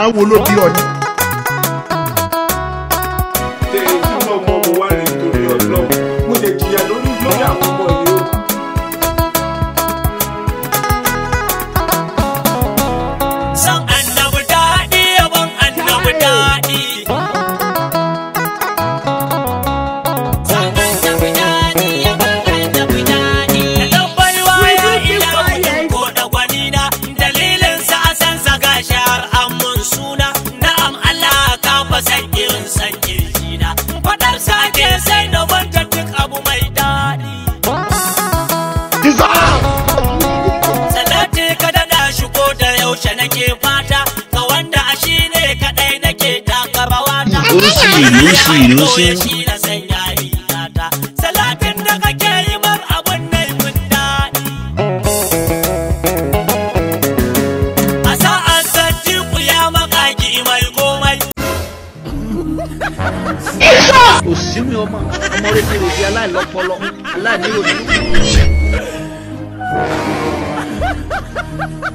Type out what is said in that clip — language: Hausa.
à ń wo lóbi ọ ni. nake fata ga wanda a shi ne kaɗai nake taka rawata. Nushi nushi nushi. Salatin da kake yi mar abin mun daɗi. A sa'an ya makaki mai komai. Kò sí mi ọmọ, ọmọ